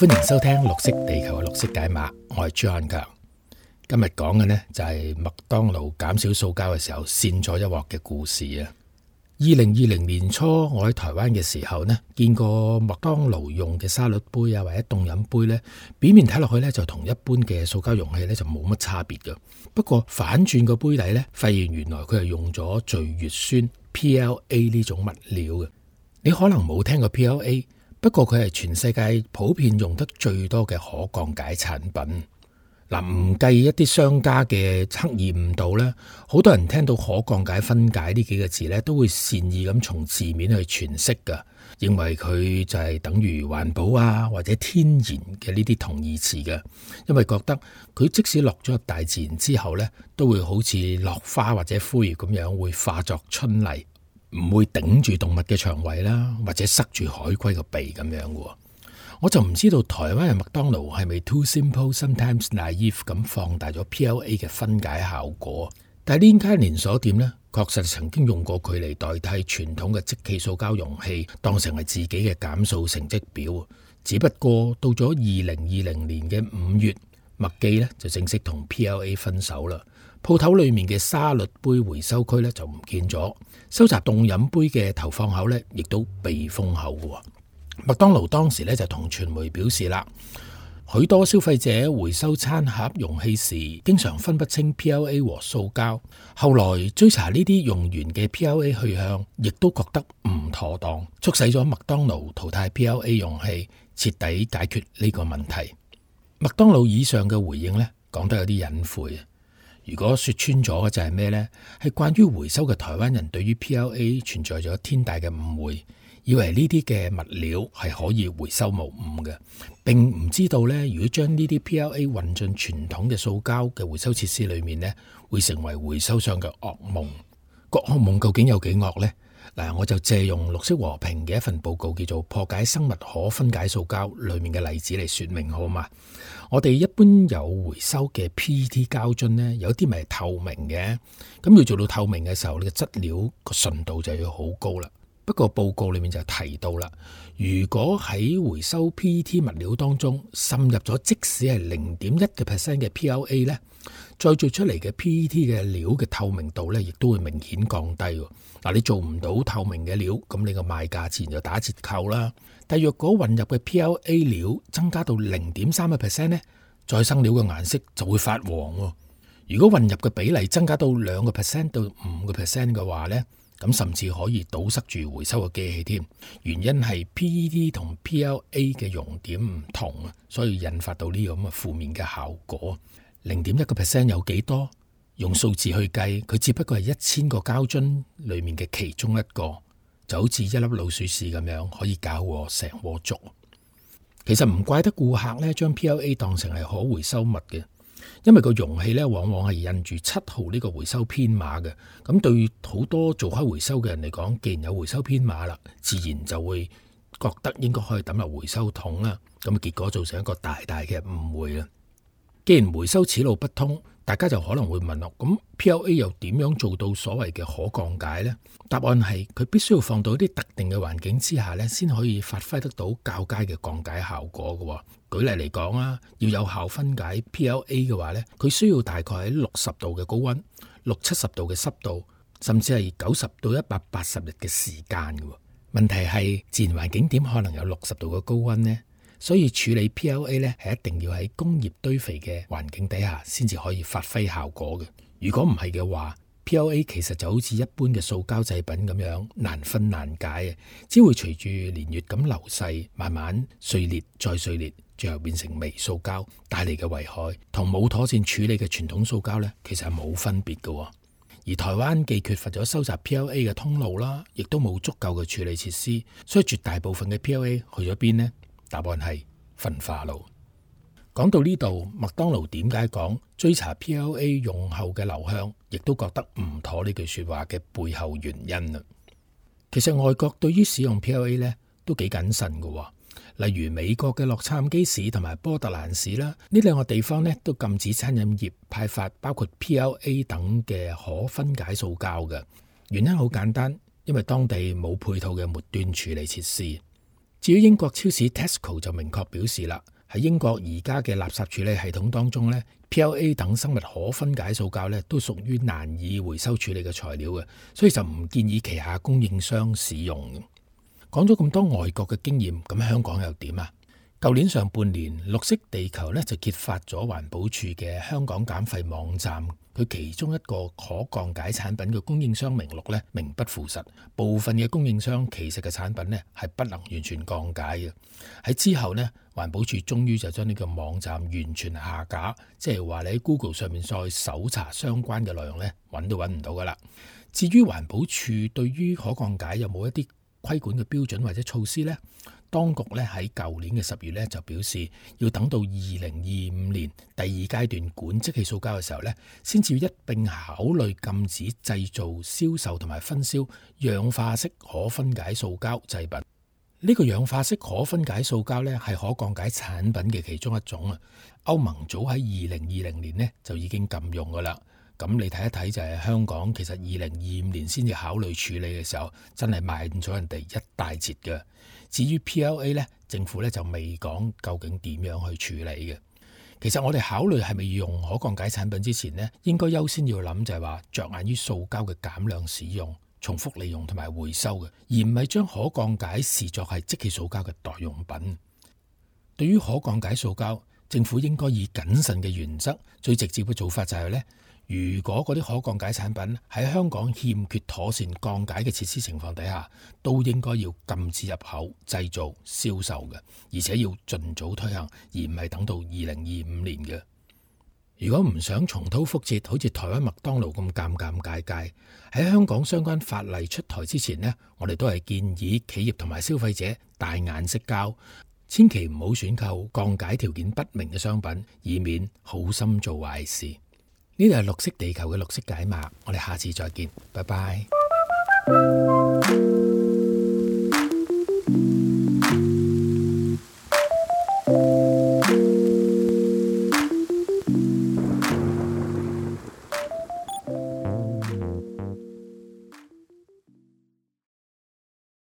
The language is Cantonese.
歡迎收聽綠惜地球嘅綠色解碼，我係朱漢強。今日講嘅呢就係麥當勞減少塑膠嘅時候，跣咗一鑊嘅故事啊！二零二零年初，我喺台灣嘅時候呢，見過麥當勞用嘅沙律杯啊，或者凍飲杯呢，表面睇落去呢，就同一般嘅塑膠容器呢就冇乜差別嘅。不過反轉個杯底呢，發現原來佢係用咗聚乙酸 PLA 呢種物料嘅。你可能冇聽過 PLA。不過佢係全世界普遍用得最多嘅可降解產品，嗱唔計一啲商家嘅刻意誤導咧，好多人聽到可降解分解呢幾個字咧，都會善意咁從字面去詮釋噶，認為佢就係等於環保啊或者天然嘅呢啲同義詞嘅，因為覺得佢即使落咗大自然之後咧，都會好似落花或者灰咁樣會化作春泥。唔會頂住動物嘅腸胃啦，或者塞住海龜個鼻咁樣嘅，我就唔知道台灣嘅麥當勞係咪 too simple sometimes naive 咁放大咗 PLA 嘅分解效果。但係呢間連鎖店呢，確實曾經用過佢嚟代替傳統嘅即棄塑膠容器，當成係自己嘅減塑成績表。只不過到咗二零二零年嘅五月，麥記呢就正式同 PLA 分手啦。鋪頭裏面嘅沙律杯回收區呢，就唔見咗，收集凍飲杯嘅投放口呢，亦都被封口嘅。麥當勞當時呢，就同傳媒表示啦，許多消費者回收餐盒容器時，經常分不清 PLA 和塑膠。後來追查呢啲用完嘅 PLA 去向，亦都覺得唔妥當，促使咗麥當勞淘汰 PLA 容器，徹底解決呢個問題。麥當勞以上嘅回應呢，講得有啲隱晦。如果説穿咗嘅就係咩呢？係關於回收嘅台灣人對於 PLA 存在咗天大嘅誤會，以為呢啲嘅物料係可以回收無誤嘅，並唔知道呢。如果將呢啲 PLA 運進傳統嘅塑膠嘅回收設施裏面呢，會成為回收上嘅噩夢。個噩夢究竟有幾惡呢？嗱，我就借用綠色和平嘅一份報告，叫做《破解生物可分解塑膠》裏面嘅例子嚟説明，好嘛？我哋一般有回收嘅 PET 膠樽咧，有啲咪透明嘅，咁要做到透明嘅時候，你嘅質料個純度就要好高啦。不過報告裏面就提到啦，如果喺回收 PET 物料當中滲入咗即使係零點一嘅 percent 嘅 PLA 呢，再做出嚟嘅 PET 嘅料嘅透明度呢，亦都會明顯降低。嗱，你做唔到透明嘅料，咁你個賣價自然就打折扣啦。但若果混入嘅 PLA 料增加到零點三個 percent 呢，再生料嘅顏色就會發黃。如果混入嘅比例增加到兩個 percent 到五個 percent 嘅話呢。咁甚至可以堵塞住回收嘅機器添，原因係 PET 同 PLA 嘅熔點唔同啊，所以引發到呢個咁嘅負面嘅效果。零點一個 percent 有幾多？用數字去計，佢只不過係一千個膠樽裡面嘅其中一個，就好似一粒老鼠屎咁樣，可以搞喎成鍋粥。其實唔怪得顧客呢將 PLA 當成係可回收物嘅。因為個容器咧，往往係印住七號呢個回收編碼嘅，咁對好多做開回收嘅人嚟講，既然有回收編碼啦，自然就會覺得應該可以抌入回收桶啦，咁結果造成一個大大嘅誤會啦。既然回收此路不通。大家就可能會問咯，咁 PLA 又點樣做到所謂嘅可降解呢？答案係佢必須要放到一啲特定嘅環境之下呢，先可以發揮得到較佳嘅降解效果嘅。舉例嚟講啊，要有效分解 PLA 嘅話呢，佢需要大概喺六十度嘅高溫、六七十度嘅濕度，甚至係九十到一百八十日嘅時間嘅。問題係自然環境點可能有六十度嘅高溫呢？所以處理 PLA 呢，係一定要喺工業堆肥嘅環境底下，先至可以發揮效果嘅。如果唔係嘅話，PLA 其實就好似一般嘅塑膠製品咁樣，難分難解啊，只會隨住年月咁流逝，慢慢碎裂再碎裂，最後變成微塑膠，帶嚟嘅危害同冇妥善處理嘅傳統塑膠呢，其實係冇分別嘅。而台灣既缺乏咗收集 PLA 嘅通路啦，亦都冇足夠嘅處理設施，所以絕大部分嘅 PLA 去咗邊呢？答案係焚化爐。講到呢度，麥當勞點解講追查 PLA 用後嘅流向，亦都覺得唔妥呢句説話嘅背後原因啦。其實外國對於使用 PLA 呢都幾謹慎嘅，例如美國嘅洛杉磯市同埋波特蘭市啦，呢兩個地方呢都禁止餐飲業派發包括 PLA 等嘅可分解塑膠嘅。原因好簡單，因為當地冇配套嘅末端處理設施。至於英國超市 Tesco 就明確表示啦，喺英國而家嘅垃圾處理系統當中咧，PLA 等生物可分解塑膠咧都屬於難以回收處理嘅材料嘅，所以就唔建議旗下供應商使用。講咗咁多外國嘅經驗，咁香港又點啊？舊年上半年，綠惜地球咧就揭發咗環保署嘅香港減廢網站，佢其中一個可降解產品嘅供應商名錄咧名不符實，部分嘅供應商其實嘅產品咧係不能完全降解嘅。喺之後咧，環保署終於就將呢個網站完全下架，即係話你喺 Google 上面再搜查相關嘅內容咧，揾都揾唔到噶啦。至於環保署對於可降解有冇一啲規管嘅標準或者措施呢？當局咧喺舊年嘅十月咧就表示，要等到二零二五年第二階段管即棄塑膠嘅時候咧，先至一並考慮禁止製造、銷售同埋分銷氧化式可分解塑膠製品。呢、這個氧化式可分解塑膠咧係可降解產品嘅其中一種啊。歐盟早喺二零二零年咧就已經禁用㗎喇。咁你睇一睇就係香港，其實二零二五年先至考慮處理嘅時候，真係賣咗人哋一大截嘅。至於 PLA 呢，政府呢就未講究竟點樣去處理嘅。其實我哋考慮係咪要用可降解產品之前呢，應該優先要諗就係話着眼於塑膠嘅減量使用、重複利用同埋回收嘅，而唔係將可降解視作係即棄塑膠嘅代用品。對於可降解塑膠，政府應該以謹慎嘅原則，最直接嘅做法就係呢。如果嗰啲可降解產品喺香港欠缺妥善降解嘅設施情況底下，都應該要禁止入口、製造、銷售嘅，而且要盡早推行，而唔係等到二零二五年嘅。如果唔想重蹈覆轍，好似台灣麥當勞咁尷尷尬尬，喺香港相關法例出台之前咧，我哋都係建議企業同埋消費者大眼識膠，千祈唔好選購降解條件不明嘅商品，以免好心做壞事。呢度係綠惜地球嘅綠色解碼，我哋下次再見，拜拜。